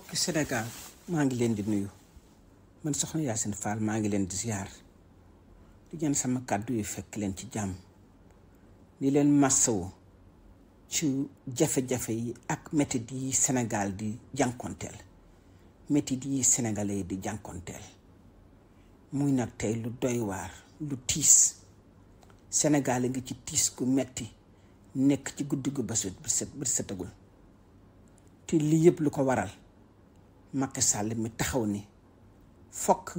mbokki Sénégal maa ngi leen di nuyu man soxna Yacine Fall maa ngi leen di ziar di ñaan sama kàddu yi fekk leen ci jàmm di leen massawu ci jafe-jafe yi ak métit yi Sénégal di jànkonteel métit yi sénégalais di jànkonteel muy nag tey lu doy waar lu tiis Sénégal a ngi ci tiis gu metti nekk ci guddi gu ba set bi setagul te lii yëpp lu ko waral Macky mi taxaw ni fokk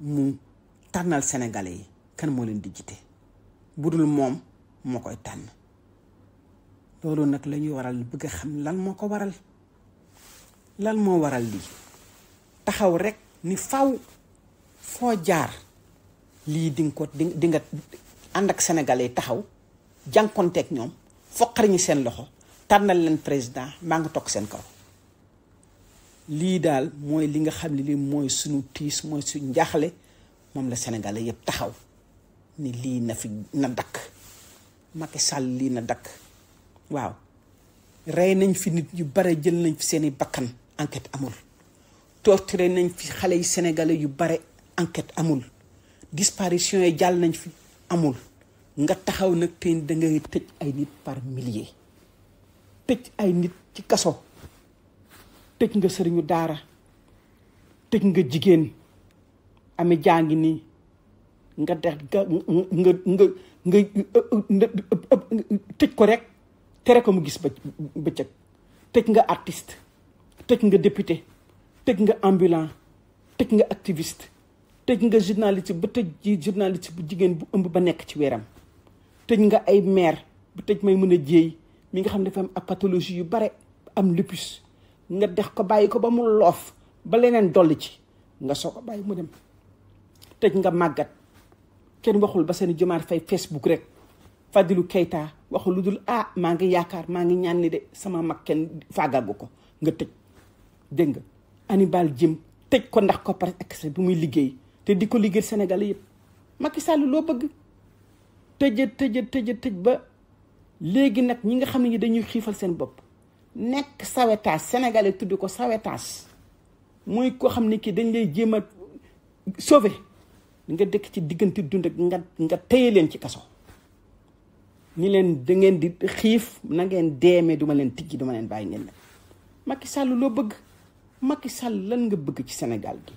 mu tànnal sénégalais yi kan moo leen di bu dul moom moo koy tànn loolu nag lañuy ñuy waral bëgg xam lan moo ko waral lan moo waral lii taxaw rek ni faw foo jaar lii di nga ko di nga ànd ak sénégalais yi taxaw jànkonteeg ñoom foqar ñi seen loxo tànnal leen président maa ngi toog seen kaw lii daal mooy li nga xam ne lii mooy suñu tiis mooy suñu njaaxle moom la Sénégalais yëpp taxaw ni lii na fi na dakk Macky Sall lii na dakk waaw rey nañ fi nit yu bare jël nañ fi seeni bakkan enquete amul torturé nañ fi xale yi sénégalais yu bare enquête amul disparition yi jàll nañ fi amul nga taxaw nag te da ngay tëj ay nit par milliers tëj ay nit ci kaso tëj nga sëriñu daara tëj nga jigéen ame jaa ngi nii nga def nga nga nga tëj ko rek tere ko mu gis ba bëccëg tëj nga artist tëj nga député tëj nga ambulant tëj nga activiste tëj nga journaliste ba tëj ji journaliste bu jigéen bu ëmb ba nekk ci weeram tëj nga ay maire bu tëj may mën a jéey mi nga xam ne dafa am ak pathologie yu bare am lupus nga def ko bàyyi ko ba mu loof ba leneen dolli ci nga soo ko bàyyi mu dem tëj nga màggat kenn waxul ba seen jumaar fay facebook rek fadilu kayta waxul lu dul ah maa ngi yaakaar maa ngi ñaan de sama mag kenn faagagu ko nga tëj dégg nga anibal jim, tëj ko ndax ko par ak bu muy liggéey te di ko liggéey sénégal yëpp Macky Sall loo bëgg tëjë tëjë tëjë tëj ba léegi nag ñi nga xam ne dañuy xiifal seen bopp nekk sawetage sénégalais tudd ko sawetaas mooy koo xam ne kii dañ lay jéem a sauver nga dëkk ci diggante dund ak nga nga téye leen ci kaso ñi leen dangeen di xiif na ngeen deemee duma leen tijji duma leen bàyyi ngeen nag Macky Sall loo bëgg makki Sall lan nga bëgg ci senegal gi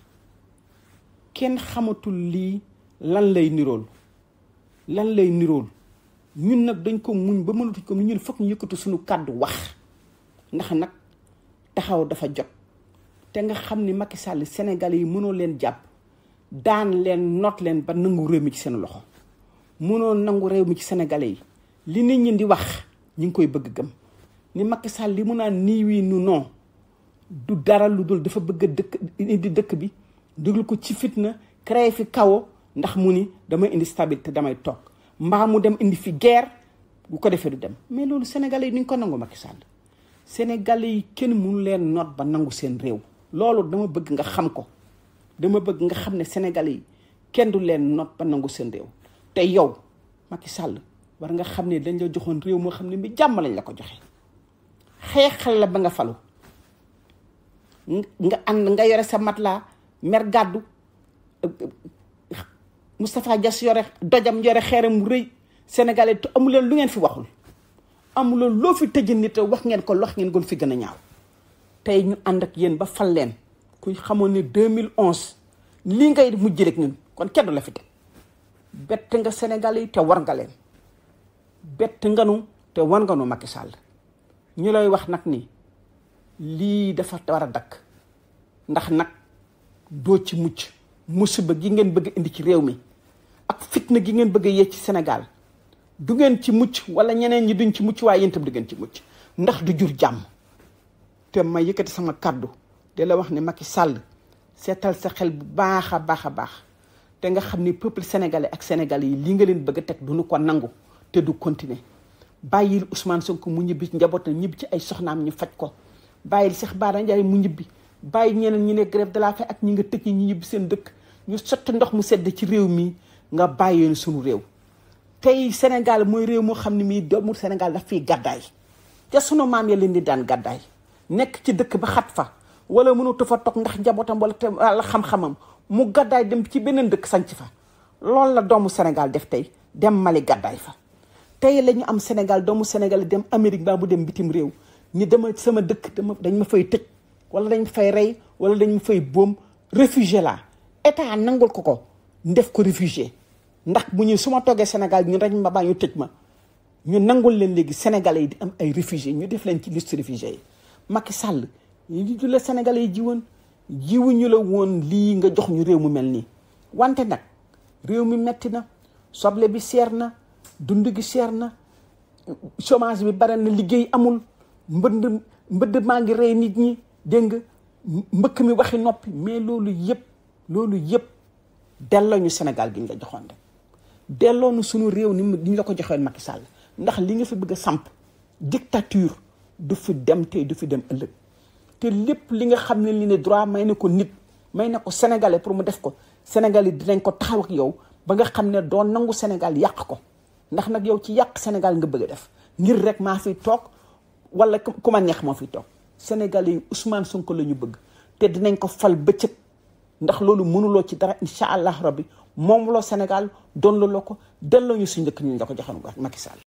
kenn xamatul lii lan lay nirool lan lay nirool ñun nag dañ ko muñ ba mënatuñ ko ñun foog ñu yëkkatu suñu kàddu wax ndax nak taxaw dafa jot te nga xamni ni Macky Sall Sénégalais yi mëno leen japp daan leen noot leen ba nangu réew mi ci seen loxo mëno nangu réew mi ci Sénégalais yi li nit ñi di wax ñi ngi koy bëgg gëm ni Macky Sall li mu naan nii wii nu non du dara lu dul dafa bëgg dëkk indi dëkk bi dugal ko ci fitna créé fi kawo ndax mu ni dama indi stabilité damay tok mbaa mu dem indi fi guerre bu ko defee du dem mais loolu sénégalais yi ko nangu Macky Sall sénégalais yi kenn mënu leen noot ba nangu seen réew loolu dama bëgg nga xam ko dama bëgg nga xam ne sénégalais yi kenn du leen noot ba nangu seen réew te yow Macky Sall war nga xam ne dañ la joxoon réew moo xam ne mi jàmm lañ la ko joxe xeexal la ba nga falu nga and nga yore sa matla mer gàddu Moustapha Diass yore dojam yore xeeram bu rëy sénégalais amu leen lu ngeen fi waxul amuloo loo fi tëj nit wax ngeen ko wax ngeen gon fi gën a ñaaw tey ñu ànd ak yéen ba fal leen kuy xamoon ne 2011 li ngay mujj ak ñun kon kenn la fi teg bett nga Sénégal yi te war nga leen bett nga nu te war nga nu Macky ñu lay wax nag ni lii dafa war a dakk ndax nag doo ci mucc musiba gi ngeen bëgg indi ci réew mi ak fitna gi ngeen bëgg a yee ci Sénégal du ngeen ci mucc wala ñeneen ñi duñ ci mucc waaye yéen du ngeen ci mucc ndax du jur jàmm te ma yëkkati sama kàddu de la wax ne Macky sàll seetal sa xel bu baax a baax a baax te nga xam ni peuple sénégalais ak sénégalais yi li nga leen bëgg a teg du duñu ko nangu te du continuer bàyyil Ousmane Sonko mu ñibbi njaboot na ñibbi ci ay soxnaam ñu faj ko bàyyil Cheikh Bara Ndiaye mu ñibbi bàyyi ñeneen ñi ne grève de la ak ñi nga tëj ñi ñu ñibbi seen dëkk ñu sotti ndox mu sedd ci réew mi nga bàyyi sunu réew tey Sénégal mooy réew moo xam ne mii doomu Sénégal daf fiy gàddaay te sunu maam yee leen di daan gàddaay nekk ci dëkk ba xat fa wala mënatu fa toog ndax njabootam wala te wala xam-xamam mu gàddaay dem ci beneen dëkk sanc fa loolu la doomu Sénégal def tey dem Mali gàddaay fa tey la am Sénégal doomu Sénégal dem Amérique baa bu dem bitim réew ñu dema sama dëkk dama dañ ma fay tëg wala dañ fay rey wala dañ fay boom réfugié la état nangul ko ko def ko réfugié ndax bu ñu su ma toggee Sénégal ñu rek ma baa ñu tëj ma ñu nangul leen léegi sénégalais yi di am ay réfugiés ñu def leen ci liste réfugiés yi Macky Sall ñu la sénégalais yi jiwuñu la woon lii nga jox ñu réew mu mel nii wante nag réew mi metti na soble bi seer na dund gi seer na chômage bi bare na liggéey amul mbënd mbënd maa ngi rey nit ñi dégg nga mbëkk mi waxi noppi mais loolu yëpp loolu yëpp delloo ñu Sénégal gi la joxoon rek delloo delloonu sunu réew ni mu ñu la ko joxoon Macky Sall ndax li nga fi bëgg a samp dictature du fi dem tey du fi dem ëllëg te lépp li nga xam ne li ne droit may na ko nit may na ko sénégalais pour mu def ko sénégalais dinañ ko taxaw yow ba nga xam ne doo nangu Sénégal yàq ko ndax nag yow ci yàq Sénégal nga bëgg a def ngir rek maa fi toog wala ku ma neex moo fi toog sénégalais yi Ousmane Sonko la ñu bëgg te dinañ ko fal bëccëg ndax loolu mënuloo ci dara incha allah rabbi moom loo Sénégal doon la loo ko delloo ñu suñ dëkk ñu la ko joxoon Macky Sall